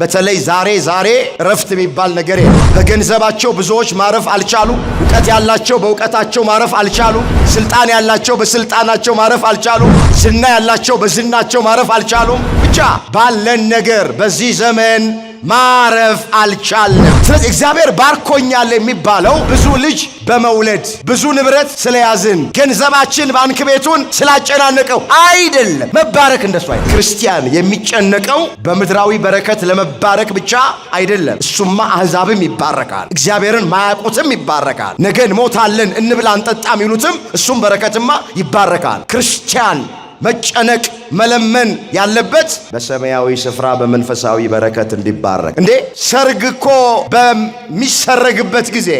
በተለይ ዛሬ ዛሬ እረፍት የሚባል ነገር የለም። በገንዘባቸው ብዙዎች ማረፍ አልቻሉ። እውቀት ያላቸው በእውቀታቸው ማረፍ አልቻሉ። ስልጣን ያላቸው በስልጣናቸው ማረፍ አልቻሉ። ዝና ያላቸው በዝናቸው ማረፍ አልቻሉም። ብቻ ባለን ነገር በዚህ ዘመን ማረፍ አልቻለም። ስለዚህ እግዚአብሔር ባርኮኛል የሚባለው ብዙ ልጅ በመውለድ ብዙ ንብረት ስለያዝን ገንዘባችን ባንክ ቤቱን ስላጨናነቀው አይደለም። መባረክ እንደሱ አይ ክርስቲያን የሚጨነቀው በምድራዊ በረከት ለመባረክ ብቻ አይደለም። እሱማ አሕዛብም ይባረካል፣ እግዚአብሔርን ማያውቁትም ይባረካል። ነገ እንሞታለን እንብላ እንጠጣ የሚሉትም እሱም በረከትማ ይባረካል። ክርስቲያን መጨነቅ መለመን ያለበት በሰማያዊ ስፍራ በመንፈሳዊ በረከት እንዲባረክ። እንዴ ሰርግ እኮ በሚሰረግበት ጊዜ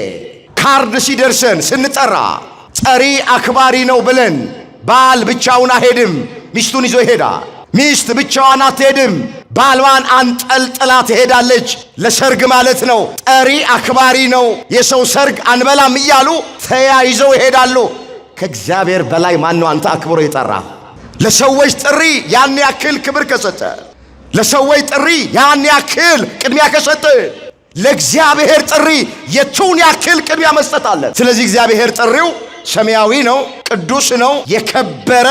ካርድ ሲደርሰን ስንጠራ ጠሪ አክባሪ ነው ብለን ባል ብቻውን አይሄድም፣ ሚስቱን ይዞ ይሄዳል። ሚስት ብቻዋን አትሄድም፣ ባልዋን አንጠልጥላ ትሄዳለች። ለሰርግ ማለት ነው። ጠሪ አክባሪ ነው፣ የሰው ሰርግ አንበላም እያሉ ተያይዘው ይሄዳሉ። ከእግዚአብሔር በላይ ማን አንተ አክብሮ የጠራ ለሰዎች ጥሪ ያን ያክል ክብር ከሰጠ፣ ለሰዎች ጥሪ ያን ያክል ቅድሚያ ከሰጠ፣ ለእግዚአብሔር ጥሪ የቱን ያክል ቅድሚያ መስጠት አለን? ስለዚህ እግዚአብሔር ጥሪው ሰማያዊ ነው፣ ቅዱስ ነው፣ የከበረ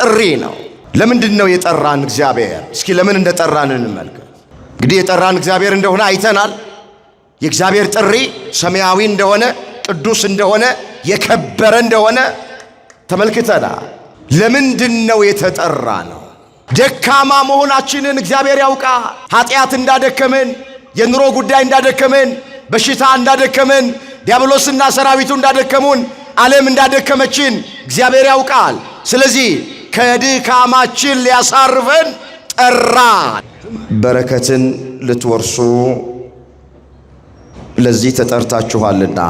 ጥሪ ነው። ለምንድን ነው የጠራን እግዚአብሔር? እስኪ ለምን እንደጠራን እንመልከት። እንግዲህ የጠራን እግዚአብሔር እንደሆነ አይተናል። የእግዚአብሔር ጥሪ ሰማያዊ እንደሆነ፣ ቅዱስ እንደሆነ፣ የከበረ እንደሆነ ተመልክተናል። ለምንድን ነው የተጠራ ነው? ደካማ መሆናችንን እግዚአብሔር ያውቃ። ኃጢአት እንዳደከመን፣ የኑሮ ጉዳይ እንዳደከመን፣ በሽታ እንዳደከመን፣ ዲያብሎስና ሰራዊቱ እንዳደከሙን፣ ዓለም እንዳደከመችን እግዚአብሔር ያውቃል። ስለዚህ ከድካማችን ሊያሳርፈን ጠራ። በረከትን ልትወርሱ ለዚህ ተጠርታችኋልና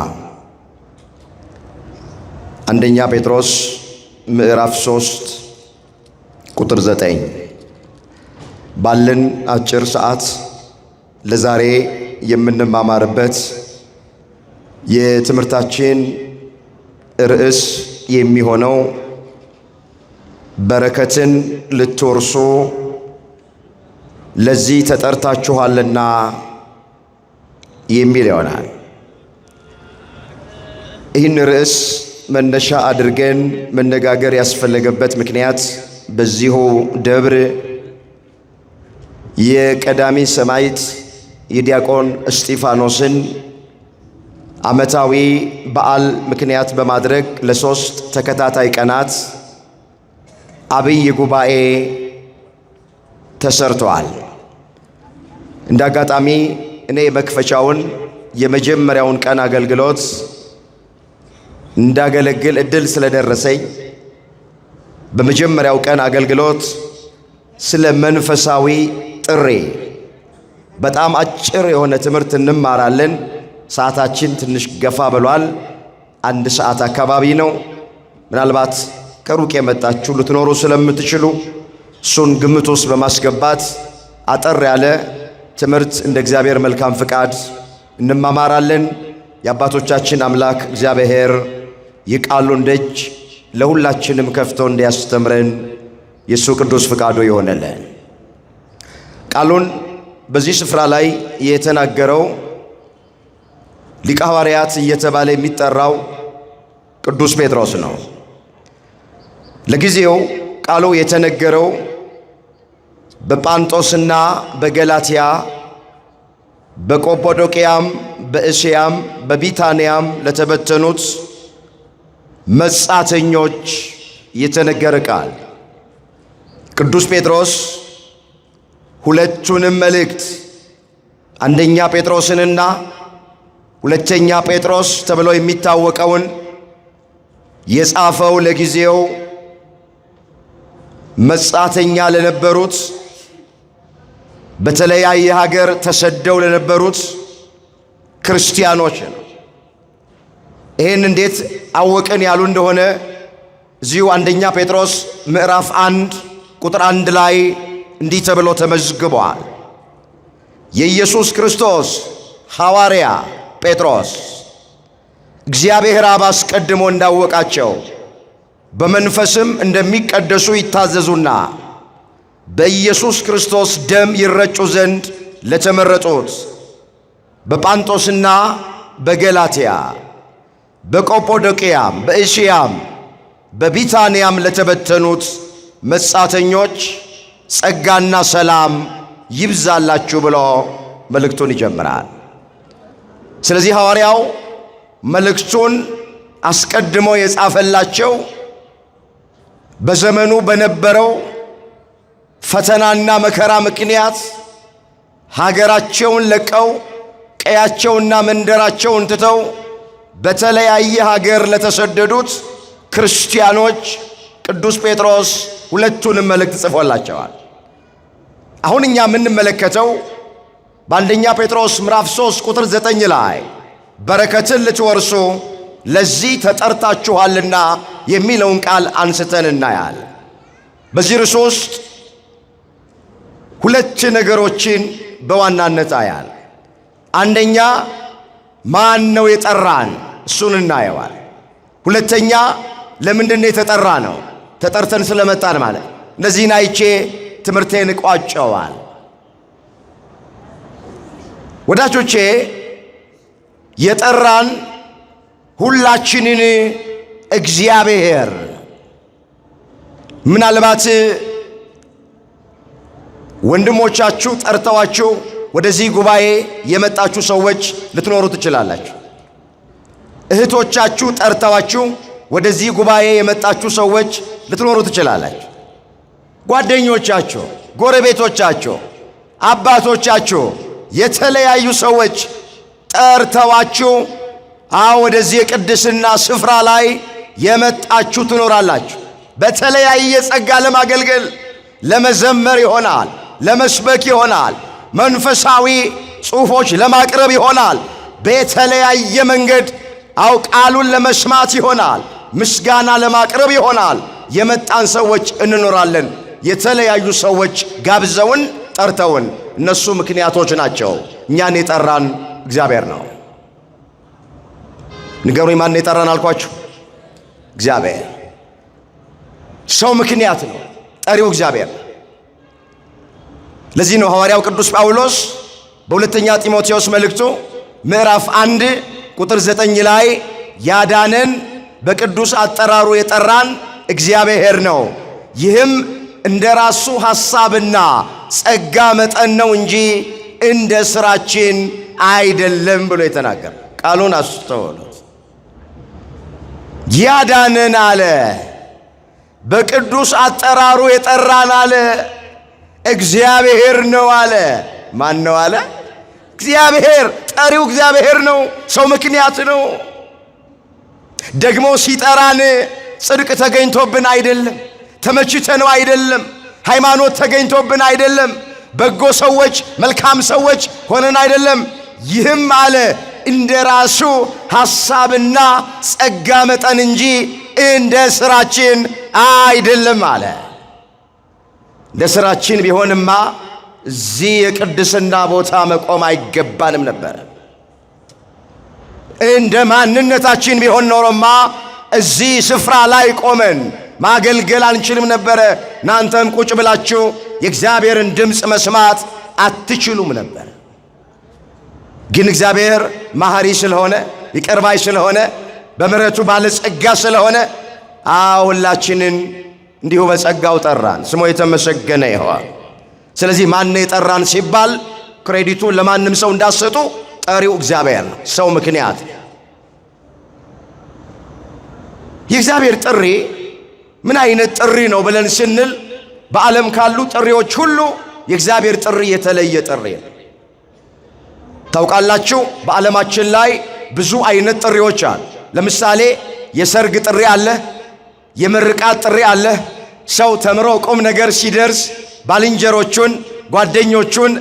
አንደኛ ጴጥሮስ ምዕራፍ 3 ቁጥር 9 ባለን አጭር ሰዓት ለዛሬ የምንማማርበት የትምህርታችን ርዕስ የሚሆነው በረከትን ልትወርሱ ለዚህ ተጠርታችኋልና የሚል ይሆናል። ይህን ርዕስ መነሻ አድርገን መነጋገር ያስፈለገበት ምክንያት በዚሁ ደብር የቀዳሚ ሰማዕት የዲያቆን እስጢፋኖስን ዓመታዊ በዓል ምክንያት በማድረግ ለሶስት ተከታታይ ቀናት አብይ ጉባኤ ተሰርተዋል። እንደ አጋጣሚ እኔ የመክፈቻውን የመጀመሪያውን ቀን አገልግሎት እንዳገለግል እድል ስለደረሰኝ በመጀመሪያው ቀን አገልግሎት ስለ መንፈሳዊ ጥሪ በጣም አጭር የሆነ ትምህርት እንማራለን። ሰዓታችን ትንሽ ገፋ ብሏል። አንድ ሰዓት አካባቢ ነው። ምናልባት ከሩቅ የመጣችሁ ልትኖሩ ስለምትችሉ እሱን ግምት ውስጥ በማስገባት አጠር ያለ ትምህርት እንደ እግዚአብሔር መልካም ፍቃድ እንማማራለን። የአባቶቻችን አምላክ እግዚአብሔር የቃሉን ደጅ ለሁላችንም ከፍቶ እንዲያስተምረን የእሱ ቅዱስ ፍቃዱ ይሆነልን። ቃሉን በዚህ ስፍራ ላይ የተናገረው ሊቀ ሐዋርያት እየተባለ የሚጠራው ቅዱስ ጴጥሮስ ነው። ለጊዜው ቃሉ የተነገረው በጳንጦስና በገላትያ በቆጶዶቅያም በእስያም በቢታንያም ለተበተኑት መጻተኞች የተነገረ ቃል ቅዱስ ጴጥሮስ ሁለቱንም መልእክት አንደኛ ጴጥሮስንና ሁለተኛ ጴጥሮስ ተብሎ የሚታወቀውን የጻፈው ለጊዜው መጻተኛ ለነበሩት በተለያየ ሀገር ተሰደው ለነበሩት ክርስቲያኖች ነው። ይህን እንዴት አወቅን ያሉ እንደሆነ እዚሁ አንደኛ ጴጥሮስ ምዕራፍ አንድ ቁጥር አንድ ላይ እንዲህ ተብሎ ተመዝግቧል። የኢየሱስ ክርስቶስ ሐዋርያ ጴጥሮስ እግዚአብሔር አብ አስቀድሞ እንዳወቃቸው በመንፈስም እንደሚቀደሱ ይታዘዙና በኢየሱስ ክርስቶስ ደም ይረጩ ዘንድ ለተመረጡት በጳንጦስና በገላትያ በቆጶዶቅያ በእሽያም በቢታንያም ለተበተኑት መጻተኞች ጸጋና ሰላም ይብዛላችሁ ብሎ መልእክቱን ይጀምራል። ስለዚህ ሐዋርያው መልእክቱን አስቀድሞ የጻፈላቸው በዘመኑ በነበረው ፈተናና መከራ ምክንያት ሀገራቸውን ለቀው ቀያቸውና መንደራቸውን ትተው በተለያየ ሀገር ለተሰደዱት ክርስቲያኖች ቅዱስ ጴጥሮስ ሁለቱንም መልእክት ጽፎላቸዋል። አሁን እኛ የምንመለከተው በአንደኛ ጴጥሮስ ምዕራፍ 3 ቁጥር 9 ላይ በረከትን ልትወርሱ ለዚህ ተጠርታችኋልና የሚለውን ቃል አንስተን እናያል። በዚህ ርዕስ ውስጥ ሁለት ነገሮችን በዋናነት አያል። አንደኛ ማን ነው የጠራን? እሱን እናየዋል። ሁለተኛ ለምንድን የተጠራ ነው ተጠርተን ስለመጣን ማለት እነዚህን አይቼ ትምህርቴን እቋጨዋል። ወዳጆቼ የጠራን ሁላችንን እግዚአብሔር ምናልባት ወንድሞቻችሁ ጠርተዋችሁ ወደዚህ ጉባኤ የመጣችሁ ሰዎች ልትኖሩ ትችላላችሁ። እህቶቻችሁ ጠርተዋችሁ ወደዚህ ጉባኤ የመጣችሁ ሰዎች ልትኖሩ ትችላላችሁ። ጓደኞቻችሁ፣ ጎረቤቶቻችሁ፣ አባቶቻችሁ፣ የተለያዩ ሰዎች ጠርተዋችሁ አዎ ወደዚህ የቅድስና ስፍራ ላይ የመጣችሁ ትኖራላችሁ። በተለያየ ጸጋ ለማገልገል ለመዘመር ይሆናል፣ ለመስበክ ይሆናል መንፈሳዊ ጽሑፎች ለማቅረብ ይሆናል። በተለያየ መንገድ አው ቃሉን ለመስማት ይሆናል። ምስጋና ለማቅረብ ይሆናል። የመጣን ሰዎች እንኖራለን። የተለያዩ ሰዎች ጋብዘውን ጠርተውን፣ እነሱ ምክንያቶች ናቸው። እኛን የጠራን እግዚአብሔር ነው። ንገሩኝ፣ ማን የጠራን አልኳችሁ? እግዚአብሔር። ሰው ምክንያት ነው፣ ጠሪው እግዚአብሔር ለዚህ ነው ሐዋርያው ቅዱስ ጳውሎስ በሁለተኛ ጢሞቴዎስ መልእክቱ ምዕራፍ አንድ ቁጥር ዘጠኝ ላይ ያዳነን በቅዱስ አጠራሩ የጠራን እግዚአብሔር ነው፣ ይህም እንደ ራሱ ሐሳብና ጸጋ መጠን ነው እንጂ እንደ ሥራችን አይደለም ብሎ የተናገረ ቃሉን አስተውሉት። ያዳነን አለ፣ በቅዱስ አጠራሩ የጠራን አለ እግዚአብሔር ነው አለ። ማን ነው አለ? እግዚአብሔር። ጠሪው እግዚአብሔር ነው። ሰው ምክንያት ነው። ደግሞ ሲጠራን ጽድቅ ተገኝቶብን አይደለም፣ ተመችተነው አይደለም፣ ሃይማኖት ተገኝቶብን አይደለም፣ በጎ ሰዎች፣ መልካም ሰዎች ሆነን አይደለም። ይህም አለ እንደ ራሱ ሐሳብና ጸጋ መጠን እንጂ እንደ ሥራችን አይደለም አለ። ለሥራችን ቢሆንማ እዚህ የቅድስና ቦታ መቆም አይገባንም ነበር። እንደ ማንነታችን ቢሆን ኖሮማ እዚህ ስፍራ ላይ ቆመን ማገልገል አንችልም ነበረ። እናንተም ቁጭ ብላችሁ የእግዚአብሔርን ድምፅ መስማት አትችሉም ነበር። ግን እግዚአብሔር ማህሪ ስለሆነ ይቅር ስለሆነ በምሕረቱ ባለጸጋ ስለሆነ አሁላችንን እንዲሁ በጸጋው ጠራን፣ ስሙ የተመሰገነ ይሆን። ስለዚህ ማን የጠራን ሲባል ክሬዲቱን ለማንም ሰው እንዳሰጡ ጠሪው እግዚአብሔር ነው። ሰው ምክንያት። የእግዚአብሔር ጥሪ ምን አይነት ጥሪ ነው ብለን ስንል በዓለም ካሉ ጥሪዎች ሁሉ የእግዚአብሔር ጥሪ የተለየ ጥሪ ነው። ታውቃላችሁ፣ በዓለማችን ላይ ብዙ አይነት ጥሪዎች አሉ። ለምሳሌ የሰርግ ጥሪ አለ፣ የምርቃት ጥሪ አለ፣ ሰው ተምሮ ቁም ነገር ሲደርስ ባልንጀሮቹን፣ ጓደኞቹን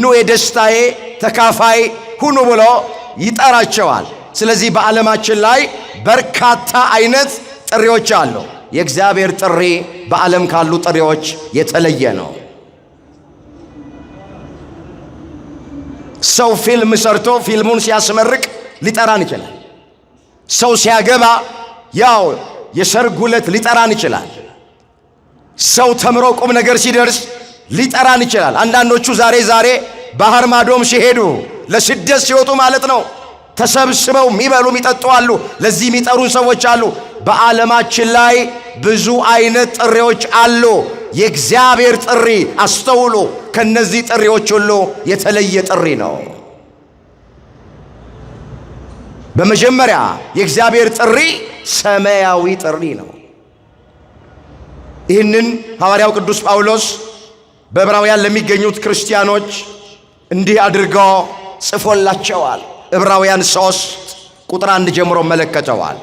ኑ የደስታዬ ተካፋይ ሁኑ ብሎ ይጠራቸዋል። ስለዚህ በዓለማችን ላይ በርካታ አይነት ጥሪዎች አሉ። የእግዚአብሔር ጥሪ በዓለም ካሉ ጥሪዎች የተለየ ነው። ሰው ፊልም ሰርቶ ፊልሙን ሲያስመርቅ ሊጠራን ይችላል። ሰው ሲያገባ ያው የሰርግ ዕለት ሊጠራን ይችላል። ሰው ተምሮ ቁም ነገር ሲደርስ ሊጠራን ይችላል። አንዳንዶቹ ዛሬ ዛሬ ባህር ማዶም ሲሄዱ ለስደት ሲወጡ ማለት ነው ተሰብስበው የሚበሉ የሚጠጡ አሉ። ለዚህ የሚጠሩን ሰዎች አሉ። በዓለማችን ላይ ብዙ አይነት ጥሪዎች አሉ። የእግዚአብሔር ጥሪ አስተውሎ፣ ከነዚህ ጥሪዎች ሁሉ የተለየ ጥሪ ነው። በመጀመሪያ የእግዚአብሔር ጥሪ ሰማያዊ ጥሪ ነው። ይህንን ሐዋርያው ቅዱስ ጳውሎስ በዕብራውያን ለሚገኙት ክርስቲያኖች እንዲህ አድርጎ ጽፎላቸዋል። ዕብራውያን ሦስት ቁጥር አንድ ጀምሮ መለከተዋል።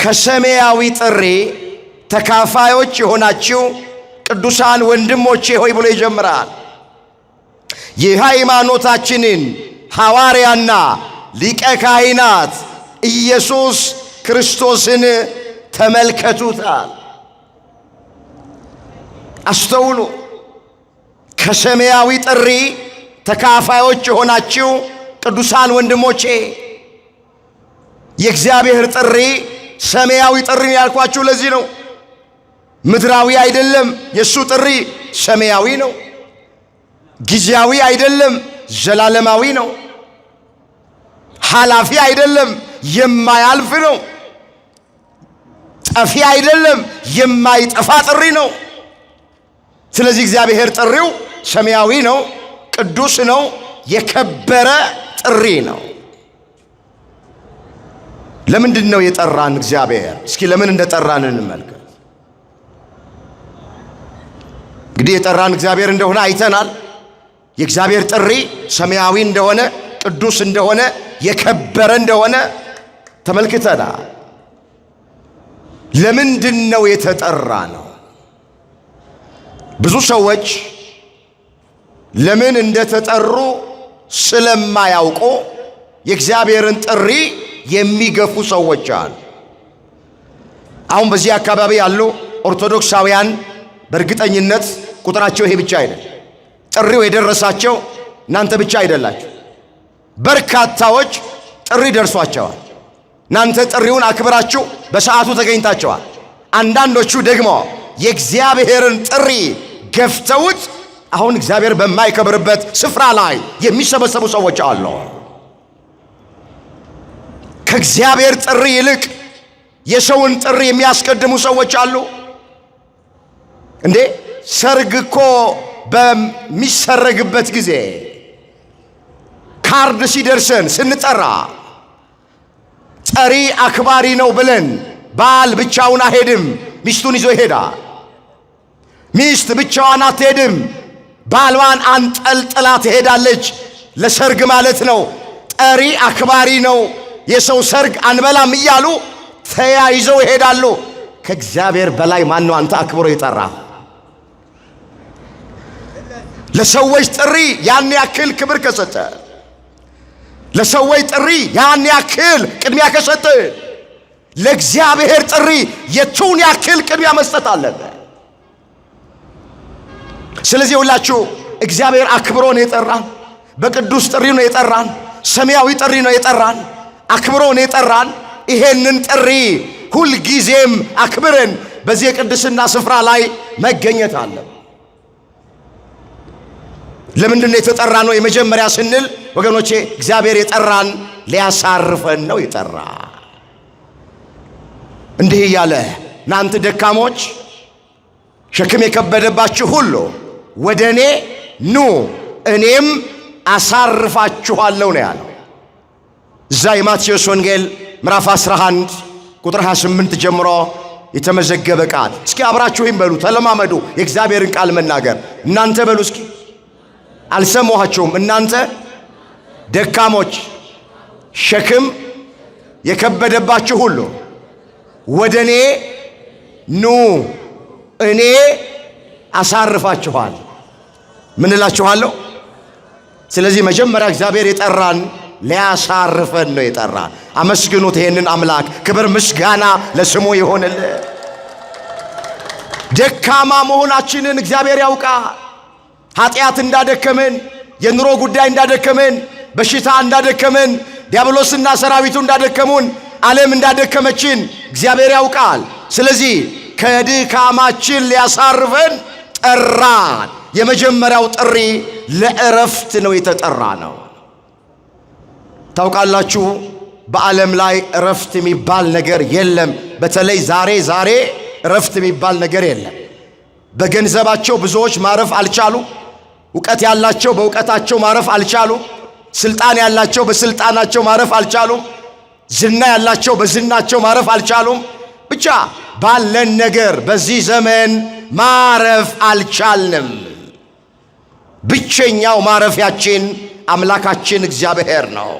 ከሰማያዊ ጥሪ ተካፋዮች የሆናችሁ ቅዱሳን ወንድሞቼ ሆይ ብሎ ይጀምራል። የሃይማኖታችንን ሐዋርያና ሊቀ ካህናት ኢየሱስ ክርስቶስን ተመልከቱታል፣ አስተውሉ። ከሰማያዊ ጥሪ ተካፋዮች የሆናችሁ ቅዱሳን ወንድሞቼ የእግዚአብሔር ጥሪ ሰማያዊ ጥሪ ያልኳችሁ ለዚህ ነው። ምድራዊ አይደለም። የእሱ ጥሪ ሰማያዊ ነው። ጊዜያዊ አይደለም፣ ዘላለማዊ ነው። ኃላፊ አይደለም፣ የማያልፍ ነው። ጠፊ አይደለም፣ የማይጠፋ ጥሪ ነው። ስለዚህ እግዚአብሔር ጥሪው ሰማያዊ ነው፣ ቅዱስ ነው፣ የከበረ ጥሪ ነው። ለምንድን ነው የጠራን እግዚአብሔር? እስኪ ለምን እንደጠራን እንመልከት። እንግዲህ የጠራን እግዚአብሔር እንደሆነ አይተናል። የእግዚአብሔር ጥሪ ሰማያዊ እንደሆነ፣ ቅዱስ እንደሆነ፣ የከበረ እንደሆነ ተመልክተናል። ለምንድን ነው የተጠራ ነው? ብዙ ሰዎች ለምን እንደተጠሩ ስለማያውቁ የእግዚአብሔርን ጥሪ የሚገፉ ሰዎች አሉ። አሁን በዚህ አካባቢ ያሉ ኦርቶዶክሳውያን በእርግጠኝነት ቁጥራቸው ይሄ ብቻ አይደለም። ጥሪው የደረሳቸው እናንተ ብቻ አይደላችሁ። በርካታዎች ጥሪ ደርሷቸዋል። እናንተ ጥሪውን አክብራችሁ በሰዓቱ ተገኝታችኋል። አንዳንዶቹ ደግሞ የእግዚአብሔርን ጥሪ ገፍተውት አሁን እግዚአብሔር በማይከብርበት ስፍራ ላይ የሚሰበሰቡ ሰዎች አሉ። ከእግዚአብሔር ጥሪ ይልቅ የሰውን ጥሪ የሚያስቀድሙ ሰዎች አሉ። እንዴ ሰርግ እኮ በሚሰረግበት ጊዜ ካርድ ሲደርሰን ስንጠራ ጸሪ አክባሪ ነው ብለን ባል ብቻውን አይሄድም፣ ሚስቱን ይዞ ይሄዳል። ሚስት ብቻዋን አትሄድም፣ ባልዋን አንጠልጥላ ትሄዳለች። ለሰርግ ማለት ነው። ጠሪ አክባሪ ነው። የሰው ሰርግ አንበላም እያሉ ተያይዘው ይሄዳሉ። ከእግዚአብሔር በላይ ማን ነው አንተ አክብሮ የጠራ? ለሰዎች ጥሪ ያን ያክል ክብር ከሰጠ ለሰዎች ጥሪ ያን ያክል ቅድሚያ ከሰጠ ለእግዚአብሔር ጥሪ የቱን ያክል ቅድሚያ መስጠት አለበ። ስለዚህ ሁላችሁ እግዚአብሔር አክብሮ ነው የጠራን። በቅዱስ ጥሪ ነው የጠራን። ሰማያዊ ጥሪ ነው የጠራን። አክብሮ ነው የጠራን። ይሄንን ጥሪ ሁልጊዜም አክብረን በዚህ የቅድስና ስፍራ ላይ መገኘት አለን። ለምንድን ነው የተጠራ ነው? የመጀመሪያ ስንል ወገኖቼ እግዚአብሔር የጠራን ሊያሳርፈን ነው የጠራ። እንዲህ እያለ እናንተ ደካሞች ሸክም የከበደባችሁ ሁሉ ወደ እኔ ኑ እኔም አሳርፋችኋለሁ ነው ያለው። እዛ የማቴዎስ ወንጌል ምዕራፍ 11 ቁጥር 28 ጀምሮ የተመዘገበ ቃል። እስኪ አብራችሁ ይህም በሉ ተለማመዱ፣ የእግዚአብሔርን ቃል መናገር እናንተ በሉ እስኪ አልሰማኋችሁም። እናንተ ደካሞች፣ ሸክም የከበደባችሁ ሁሉ ወደ እኔ ኑ፣ እኔ አሳርፋችኋል። ምን እላችኋለሁ? ስለዚህ መጀመሪያ እግዚአብሔር የጠራን ሊያሳርፈን ነው የጠራን። አመስግኑት ይሄንን አምላክ። ክብር ምስጋና ለስሙ ይሆንልን። ደካማ መሆናችንን እግዚአብሔር ያውቃል። ኃጢአት እንዳደከመን፣ የኑሮ ጉዳይ እንዳደከመን፣ በሽታ እንዳደከመን፣ ዲያብሎስና ሰራዊቱ እንዳደከሙን፣ ዓለም እንዳደከመችን እግዚአብሔር ያውቃል። ስለዚህ ከድካማችን ሊያሳርፈን ጠራን። የመጀመሪያው ጥሪ ለእረፍት ነው፣ የተጠራ ነው። ታውቃላችሁ በዓለም ላይ እረፍት የሚባል ነገር የለም። በተለይ ዛሬ ዛሬ እረፍት የሚባል ነገር የለም። በገንዘባቸው ብዙዎች ማረፍ አልቻሉ። እውቀት ያላቸው በእውቀታቸው ማረፍ አልቻሉም። ስልጣን ያላቸው በስልጣናቸው ማረፍ አልቻሉም። ዝና ያላቸው በዝናቸው ማረፍ አልቻሉም። ብቻ ባለን ነገር በዚህ ዘመን ማረፍ አልቻልንም። ብቸኛው ማረፊያችን አምላካችን እግዚአብሔር ነው።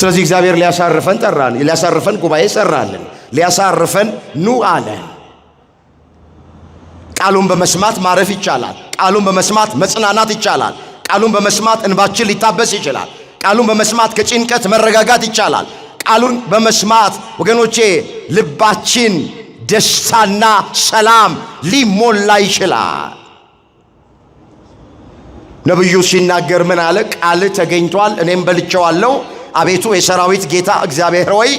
ስለዚህ እግዚአብሔር ሊያሳርፈን ጠራን፣ ሊያሳርፈን ጉባኤ ሰራልን፣ ሊያሳርፈን ኑ አለን። ቃሉን በመስማት ማረፍ ይቻላል። ቃሉን በመስማት መጽናናት ይቻላል። ቃሉን በመስማት እንባችን ሊታበስ ይችላል። ቃሉን በመስማት ከጭንቀት መረጋጋት ይቻላል። ቃሉን በመስማት ወገኖቼ ልባችን ደስታና ሰላም ሊሞላ ይችላል። ነቢዩ ሲናገር ምን አለ? ቃል ተገኝቷል፣ እኔም በልቼዋለሁ። አቤቱ የሰራዊት ጌታ እግዚአብሔር ወይ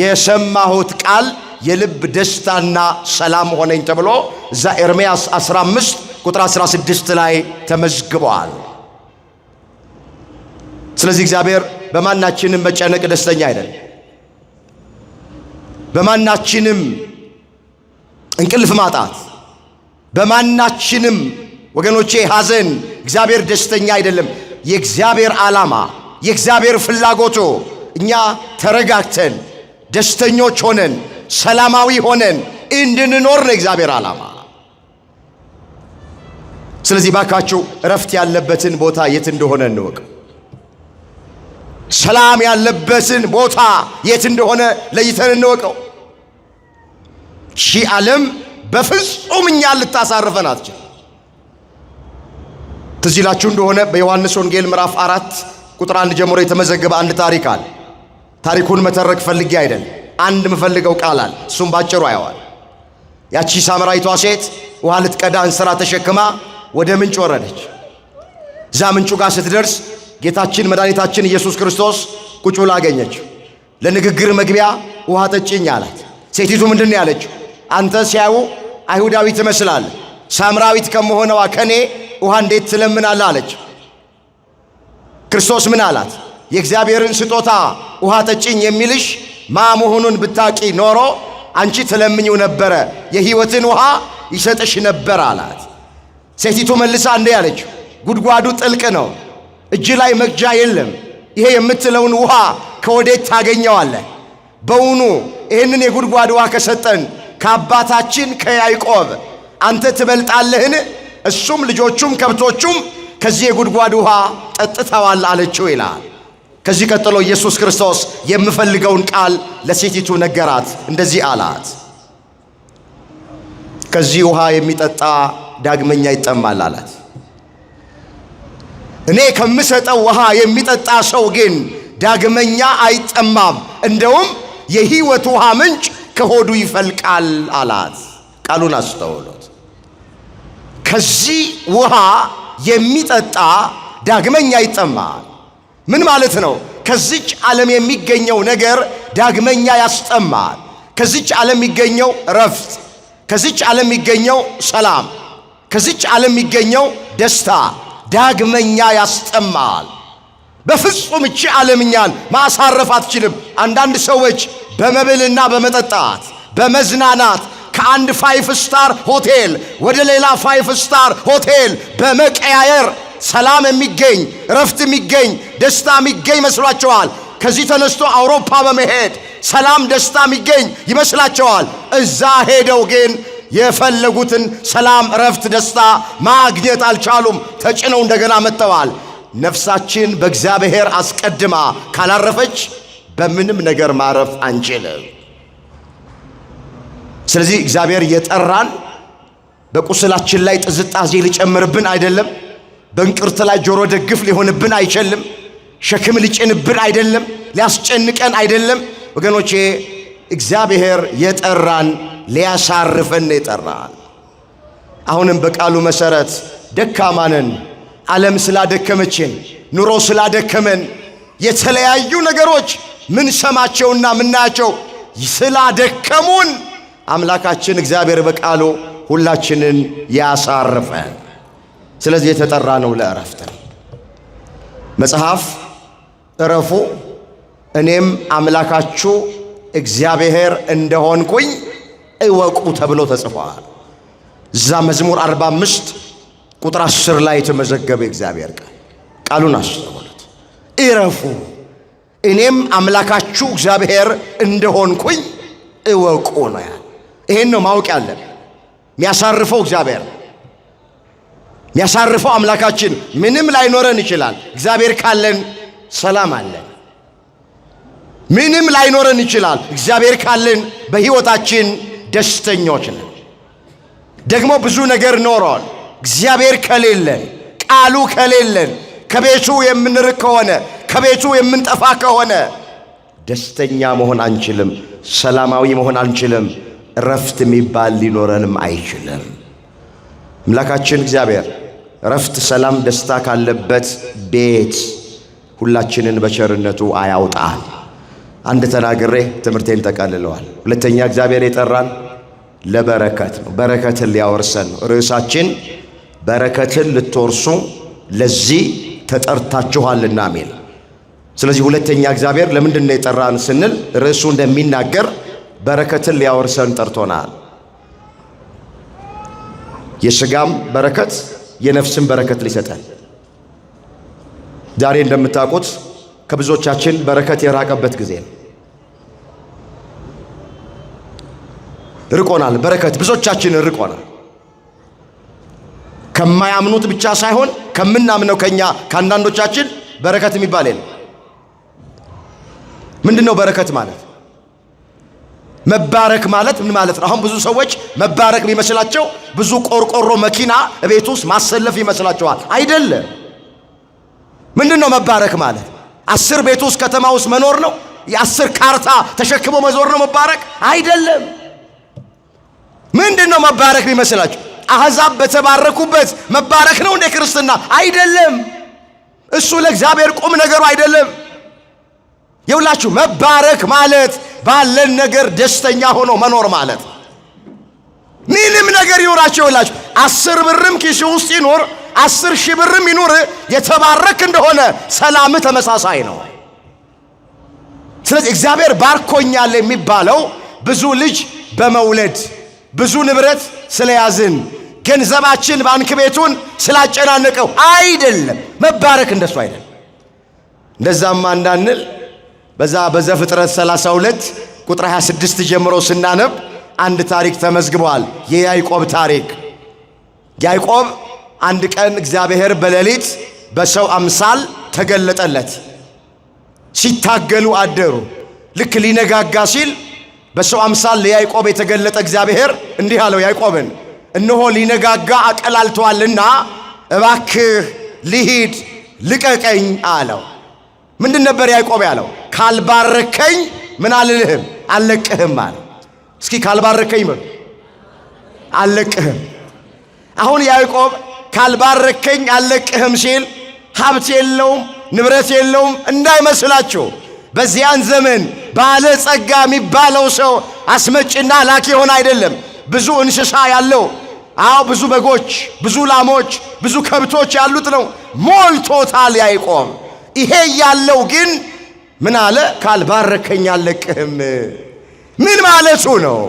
የሰማሁት ቃል የልብ ደስታና ሰላም ሆነኝ ተብሎ እዛ ኤርምያስ 15 ቁጥር 16 ላይ ተመዝግበዋል። ስለዚህ እግዚአብሔር በማናችንም መጨነቅ ደስተኛ አይደለም። በማናችንም እንቅልፍ ማጣት፣ በማናችንም ወገኖቼ ሐዘን እግዚአብሔር ደስተኛ አይደለም። የእግዚአብሔር ዓላማ የእግዚአብሔር ፍላጎቱ እኛ ተረጋግተን ደስተኞች ሆነን ሰላማዊ ሆነን እንድንኖር ነው እግዚአብሔር ዓላማ። ስለዚህ ባካችሁ እረፍት ያለበትን ቦታ የት እንደሆነ እንወቅ። ሰላም ያለበትን ቦታ የት እንደሆነ ለይተን እንወቀው። ሺህ ዓለም በፍጹም እኛን ልታሳርፈን አትችል። ትዝ ይላችሁ እንደሆነ በዮሐንስ ወንጌል ምዕራፍ አራት ቁጥር አንድ ጀምሮ የተመዘገበ አንድ ታሪክ አለ። ታሪኩን መተረክ ፈልጌ አይደለም። አንድ የምፈልገው ቃል አለ። እሱም ባጭሩ አየዋል። ያቺ ሳምራዊቷ ሴት ውሃ ልትቀዳ እንስራ ተሸክማ ወደ ምንጭ ወረደች። እዛ ምንጩ ጋር ስትደርስ ጌታችን መድኃኒታችን ኢየሱስ ክርስቶስ ቁጭ ብሎ አገኘችው። ለንግግር መግቢያ ውሃ ጠጪኝ አላት። ሴቲቱ ምንድን ነው ያለችው? አንተ ሲያዩ አይሁዳዊ ትመስላለ፣ ሳምራዊት ከመሆነዋ ከኔ ውሃ እንዴት ትለምናለ? አለች። ክርስቶስ ምን አላት? የእግዚአብሔርን ስጦታ ውሃ ጠጪኝ የሚልሽ ማ መሆኑን ብታቂ ኖሮ አንቺ ትለምኝው ነበረ፣ የሕይወትን ውሃ ይሰጥሽ ነበር አላት። ሴቲቱ መልሳ እንዴ ያለች። ጉድጓዱ ጥልቅ ነው፣ እጅ ላይ መግጃ የለም። ይሄ የምትለውን ውሃ ከወዴት ታገኘዋለህ? በውኑ ይህንን የጉድጓድ ውሃ ከሰጠን ከአባታችን ከያይቆብ አንተ ትበልጣለህን? እሱም ልጆቹም ከብቶቹም ከዚህ የጉድጓድ ውሃ ጠጥተዋል አለችው ይላል። ከዚህ ቀጥሎ ኢየሱስ ክርስቶስ የምፈልገውን ቃል ለሴቲቱ ነገራት። እንደዚህ አላት፣ ከዚህ ውሃ የሚጠጣ ዳግመኛ ይጠማል አላት። እኔ ከምሰጠው ውሃ የሚጠጣ ሰው ግን ዳግመኛ አይጠማም፣ እንደውም የሕይወት ውሃ ምንጭ ከሆዱ ይፈልቃል አላት። ቃሉን አስተውሎት። ከዚህ ውሃ የሚጠጣ ዳግመኛ ይጠማል ምን ማለት ነው? ከዚች ዓለም የሚገኘው ነገር ዳግመኛ ያስጠማል። ከዚች ዓለም የሚገኘው ረፍት፣ ከዚች ዓለም የሚገኘው ሰላም፣ ከዚች ዓለም የሚገኘው ደስታ ዳግመኛ ያስጠማል። በፍጹም እቺ ዓለም እኛን ማሳረፍ አትችልም። አንዳንድ ሰዎች በመብልና በመጠጣት በመዝናናት ከአንድ ፋይፍ ስታር ሆቴል ወደ ሌላ ፋይፍ ስታር ሆቴል በመቀያየር ሰላም የሚገኝ ረፍት የሚገኝ ደስታ የሚገኝ ይመስሏቸዋል። ከዚህ ተነስቶ አውሮፓ በመሄድ ሰላም ደስታ የሚገኝ ይመስላቸዋል። እዛ ሄደው ግን የፈለጉትን ሰላም፣ ረፍት፣ ደስታ ማግኘት አልቻሉም። ተጭነው እንደገና መጥተዋል። ነፍሳችን በእግዚአብሔር አስቀድማ ካላረፈች በምንም ነገር ማረፍ አንችልም። ስለዚህ እግዚአብሔር እየጠራን በቁስላችን ላይ ጥዝጣዜ ሊጨምርብን አይደለም። በእንቅርት ላይ ጆሮ ደግፍ ሊሆንብን አይችልም። ሸክም ሊጭንብን አይደለም፣ ሊያስጨንቀን አይደለም። ወገኖቼ እግዚአብሔር የጠራን ሊያሳርፈን የጠራን። አሁንም በቃሉ መሰረት ደካማንን ዓለም ስላደከመችን፣ ኑሮ ስላደከመን፣ የተለያዩ ነገሮች ምን ሰማቸውና ምናያቸው ስላደከሙን አምላካችን እግዚአብሔር በቃሉ ሁላችንን ያሳርፈን። ስለዚህ የተጠራ ነው ለእረፍት ነው። መጽሐፍ እረፉ እኔም አምላካችሁ እግዚአብሔር እንደሆንኩኝ እወቁ ተብሎ ተጽፏል። እዛ መዝሙር 45 ቁጥር 10 ላይ የተመዘገበ እግዚአብሔር ቃል ቃሉን አስተውሉት። እረፉ እኔም አምላካችሁ እግዚአብሔር እንደሆንኩኝ እወቁ ነው ያለ። ይሄን ነው ማወቅ ያለን። የሚያሳርፈው እግዚአብሔር ነው። የሚያሳርፈው አምላካችን ምንም ላይኖረን ይችላል። እግዚአብሔር ካለን ሰላም አለን። ምንም ላይኖረን ይችላል። እግዚአብሔር ካለን በሕይወታችን ደስተኞች ነን። ደግሞ ብዙ ነገር ኖሯል። እግዚአብሔር ከሌለን፣ ቃሉ ከሌለን፣ ከቤቱ የምንርቅ ከሆነ፣ ከቤቱ የምንጠፋ ከሆነ ደስተኛ መሆን አንችልም። ሰላማዊ መሆን አንችልም። እረፍት የሚባል ሊኖረንም አይችልም። አምላካችን እግዚአብሔር እረፍት፣ ሰላም፣ ደስታ ካለበት ቤት ሁላችንን በቸርነቱ አያውጣል። አንድ ተናግሬ ትምህርቴን ጠቀልለዋል። ሁለተኛ እግዚአብሔር የጠራን ለበረከት ነው። በረከትን ሊያወርሰን ነው። ርዕሳችን በረከትን ልትወርሱ ለዚህ ተጠርታችኋልና ሚል። ስለዚህ ሁለተኛ እግዚአብሔር ለምንድን ነው የጠራን ስንል ርዕሱ እንደሚናገር በረከትን ሊያወርሰን ጠርቶናል። የስጋም በረከት የነፍስን በረከት ሊሰጠን። ዛሬ እንደምታውቁት ከብዙዎቻችን በረከት የራቀበት ጊዜ ነው። ርቆናል። በረከት ብዙዎቻችን ርቆናል። ከማያምኑት ብቻ ሳይሆን ከምናምነው ከኛ ከአንዳንዶቻችን በረከት የሚባል የለም። ምንድን ነው በረከት ማለት? መባረክ ማለት ምን ማለት ነው? አሁን ብዙ ሰዎች መባረክ ቢመስላቸው ብዙ ቆርቆሮ መኪና ቤት ውስጥ ማሰለፍ ይመስላቸዋል። አይደለም። ምንድን ነው መባረክ ማለት? አስር ቤት ውስጥ ከተማ ውስጥ መኖር ነው? የአስር ካርታ ተሸክሞ መዞር ነው መባረክ? አይደለም። ምንድን ነው መባረክ ቢመስላቸው? አሕዛብ በተባረኩበት መባረክ ነው እንደ ክርስትና? አይደለም። እሱ ለእግዚአብሔር ቁም ነገሩ አይደለም። የውላችሁ መባረክ ማለት ባለን ነገር ደስተኛ ሆኖ መኖር ማለት ምንም ነገር ይኖራችሁ። የውላችሁ አስር ብርም ኪስ ውስጥ ይኖር አስር ሺህ ብርም ይኖር የተባረክ እንደሆነ ሰላም ተመሳሳይ ነው። ስለዚህ እግዚአብሔር ባርኮኛል የሚባለው ብዙ ልጅ በመውለድ ብዙ ንብረት ስለያዝን ገንዘባችን ባንክ ቤቱን ስላጨናነቀው አይደለም። መባረክ እንደሱ አይደለም። እንደዛም አንዳንል በዛ በዘፍጥረት 32 ቁጥር 26 ጀምሮ ስናነብ አንድ ታሪክ ተመዝግቧል። የያይቆብ ታሪክ። ያይቆብ አንድ ቀን እግዚአብሔር በሌሊት በሰው አምሳል ተገለጠለት። ሲታገሉ አደሩ። ልክ ሊነጋጋ ሲል በሰው አምሳል ለያይቆብ የተገለጠ እግዚአብሔር እንዲህ አለው ያይቆብን እነሆ ሊነጋጋ አቀላልተዋልና እባክህ ልሂድ ልቀቀኝ አለው። ምንድን ነበር ያዕቆብ ያለው? ካልባረከኝ ምን አልልህም አልለቅህም አለ። እስኪ ካልባረከኝ በሉ አልለቅህም። አሁን ያዕቆብ ካልባረከኝ አልለቅህም ሲል ሀብት የለውም ንብረት የለውም እንዳይመስላችሁ። በዚያን ዘመን ባለ ጸጋ የሚባለው ሰው አስመጭና ላኪ የሆነ አይደለም። ብዙ እንስሳ ያለው አዎ፣ ብዙ በጎች፣ ብዙ ላሞች፣ ብዙ ከብቶች ያሉት ነው። ሞልቶታል ያዕቆብ ይሄ ያለው ግን ምን አለ? ካልባረከኝ አለቅህም ምን ማለቱ ነው?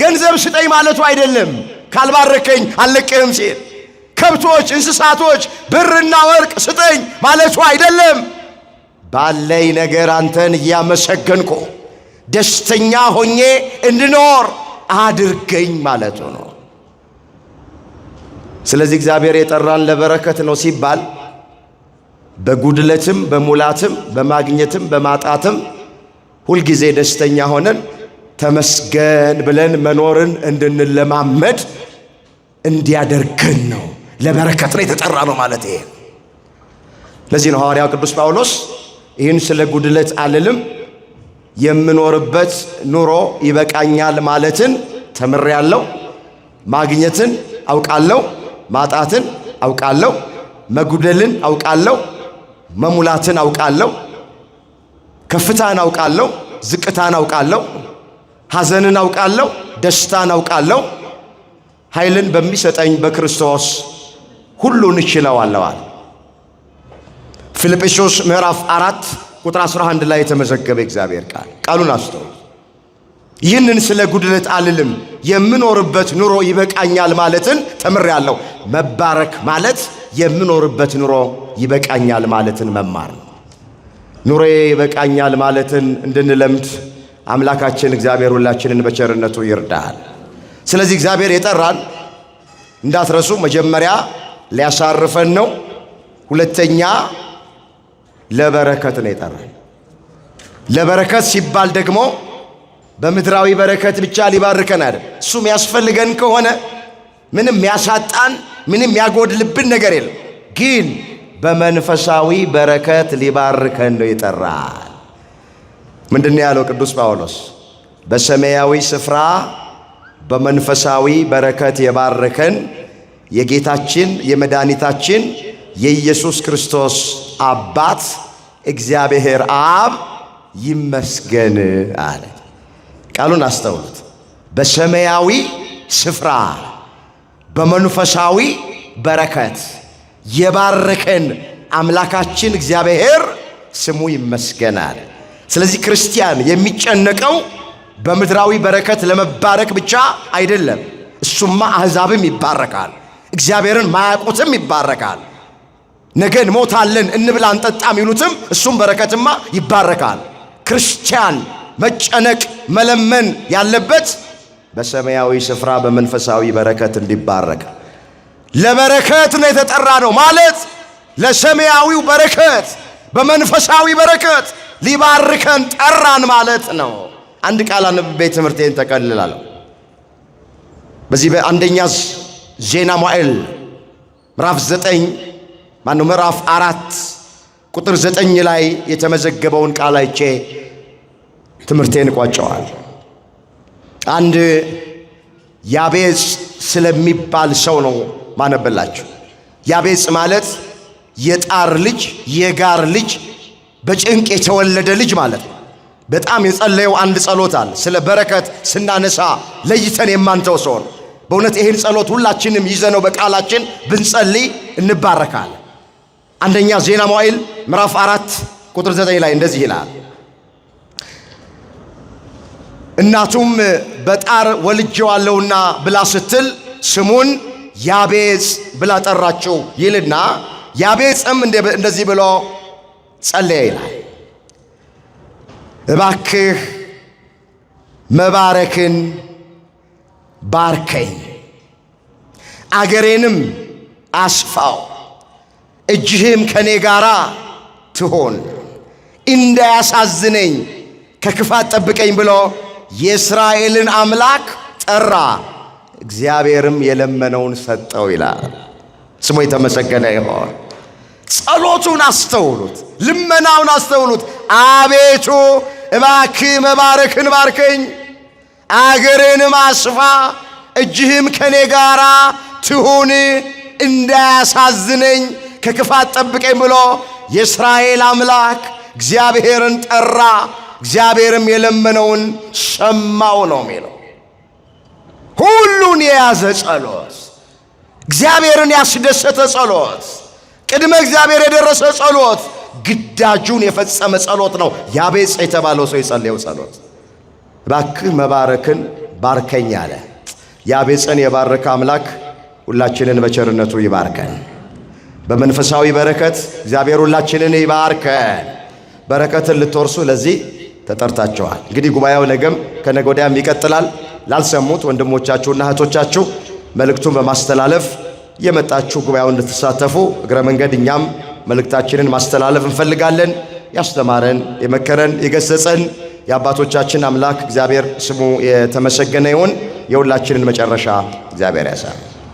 ገንዘብ ስጠኝ ማለቱ አይደለም። ካልባረከኝ አለቅህም ሲል ከብቶች፣ እንስሳቶች፣ ብርና ወርቅ ስጠኝ ማለቱ አይደለም። ባለይ ነገር አንተን እያመሰገንኩ ደስተኛ ሆኜ እንድኖር አድርገኝ ማለቱ ነው። ስለዚህ እግዚአብሔር የጠራን ለበረከት ነው ሲባል በጉድለትም በሙላትም በማግኘትም በማጣትም ሁልጊዜ ደስተኛ ሆነን ተመስገን ብለን መኖርን እንድንለማመድ እንዲያደርገን ነው። ለበረከት ነው የተጠራ ነው ማለት ይሄ። ለዚህ ነው ሐዋርያው ቅዱስ ጳውሎስ ይህን ስለ ጉድለት አልልም የምኖርበት ኑሮ ይበቃኛል ማለትን ተምሬያለሁ፣ ማግኘትን አውቃለሁ፣ ማጣትን አውቃለሁ፣ መጉደልን አውቃለሁ መሙላትን አውቃለሁ፣ ከፍታን አውቃለሁ፣ ዝቅታን አውቃለሁ፣ ሐዘንን አውቃለሁ፣ ደስታን አውቃለሁ። ኃይልን በሚሰጠኝ በክርስቶስ ሁሉን እችለዋለዋል። ፊልጵስዩስ ምዕራፍ አራት ቁጥር 11 ላይ የተመዘገበ እግዚአብሔር ቃል ቃሉን አስተውል። ይህንን ስለ ጉድለት አልልም። የምኖርበት ኑሮ ይበቃኛል ማለትን ተምሬያለሁ። መባረክ ማለት የምኖርበት ኑሮ ይበቃኛል ማለትን መማር ነው። ኑሮዬ ይበቃኛል ማለትን እንድንለምድ አምላካችን እግዚአብሔር ሁላችንን በቸርነቱ ይርዳሃል። ስለዚህ እግዚአብሔር የጠራን እንዳትረሱ፣ መጀመሪያ ሊያሳርፈን ነው። ሁለተኛ ለበረከት ነው የጠራን። ለበረከት ሲባል ደግሞ በምድራዊ በረከት ብቻ ሊባርከን አይደል። እሱ የሚያስፈልገን ከሆነ ምንም ያሳጣን፣ ምንም ያጎድልብን ነገር የለም። ግን በመንፈሳዊ በረከት ሊባርከን ነው ይጠራል። ምንድን ያለው ቅዱስ ጳውሎስ? በሰማያዊ ስፍራ በመንፈሳዊ በረከት የባረከን የጌታችን የመድኃኒታችን የኢየሱስ ክርስቶስ አባት እግዚአብሔር አብ ይመስገን አለ። ቃሉን አስተውሉት። በሰማያዊ ስፍራ በመንፈሳዊ በረከት የባረከን አምላካችን እግዚአብሔር ስሙ ይመስገናል። ስለዚህ ክርስቲያን የሚጨነቀው በምድራዊ በረከት ለመባረክ ብቻ አይደለም። እሱማ አሕዛብም ይባረካል፣ እግዚአብሔርን ማያውቁትም ይባረካል። ነገ እንሞታለን እንብላ እንጠጣ የሚሉትም እሱም በረከትማ ይባረካል። ክርስቲያን መጨነቅ፣ መለመን ያለበት በሰማያዊ ስፍራ በመንፈሳዊ በረከት እንዲባረክ ለበረከት ነው የተጠራ ነው ማለት ለሰማያዊው በረከት በመንፈሳዊ በረከት ሊባርከን ጠራን ማለት ነው። አንድ ቃል አንብቤ ትምህርቴን ተቀልላለሁ። በዚህ በአንደኛ ዜና መዋዕል ምዕራፍ ዘጠኝ ማነው ምዕራፍ አራት ቁጥር ዘጠኝ ላይ የተመዘገበውን ቃል አይቼ ትምህርቴን ቋጨዋል። አንድ ያቤጽ ስለሚባል ሰው ነው ማነበላችሁ። ያቤጽ ማለት የጣር ልጅ የጋር ልጅ በጭንቅ የተወለደ ልጅ ማለት ነው። በጣም የጸለየው አንድ ጸሎት አለ። ስለ በረከት ስናነሳ ለይተን የማንተው ሰው ነው። በእውነት ይህን ጸሎት ሁላችንም ይዘነው በቃላችን ብንጸልይ እንባረካለን። አንደኛ ዜና መዋዕል ምዕራፍ አራት ቁጥር ዘጠኝ ላይ እንደዚህ ይላል እናቱም በጣር ወልጄዋለሁና ብላ ስትል ስሙን ያቤጽ ብላ ጠራችው ይልና ያቤጽም እንደዚህ ብሎ ጸለየ ይላል። እባክህ መባረክን ባርከኝ፣ አገሬንም አስፋው፣ እጅህም ከኔ ጋራ ትሆን፣ እንዳያሳዝነኝ ከክፋት ጠብቀኝ ብሎ የእስራኤልን አምላክ ጠራ፣ እግዚአብሔርም የለመነውን ሰጠው ይላል። ስሙ የተመሰገነ ይሆን። ጸሎቱን አስተውሉት፣ ልመናውን አስተውሉት። አቤቱ እባክህ መባረክን ባርከኝ፣ አገርንም አስፋ፣ እጅህም ከኔ ጋር ትሁን፣ እንዳያሳዝነኝ ከክፋት ጠብቀኝ ብሎ የእስራኤል አምላክ እግዚአብሔርን ጠራ። እግዚአብሔርም የለመነውን ሰማው ነው የሚለው። ሁሉን የያዘ ጸሎት፣ እግዚአብሔርን ያስደሰተ ጸሎት፣ ቅድመ እግዚአብሔር የደረሰ ጸሎት፣ ግዳጁን የፈጸመ ጸሎት ነው ያቤጽ የተባለው ሰው የጸለየው ጸሎት። እባክህ መባረክን ባርከኝ አለ። ያቤጽን የባረከ አምላክ ሁላችንን በቸርነቱ ይባርከን። በመንፈሳዊ በረከት እግዚአብሔር ሁላችንን ይባርከን። በረከትን ልትወርሱ ለዚህ ተጠርታችኋል። እንግዲህ ጉባኤው ነገም ከነገ ወዲያም ይቀጥላል። ላልሰሙት ወንድሞቻችሁና እህቶቻችሁ መልእክቱን በማስተላለፍ የመጣችሁ ጉባኤው እንድትሳተፉ እግረ መንገድ እኛም መልእክታችንን ማስተላለፍ እንፈልጋለን። ያስተማረን የመከረን የገሰጸን የአባቶቻችን አምላክ እግዚአብሔር ስሙ የተመሰገነ ይሁን። የሁላችንን መጨረሻ እግዚአብሔር ያሳል።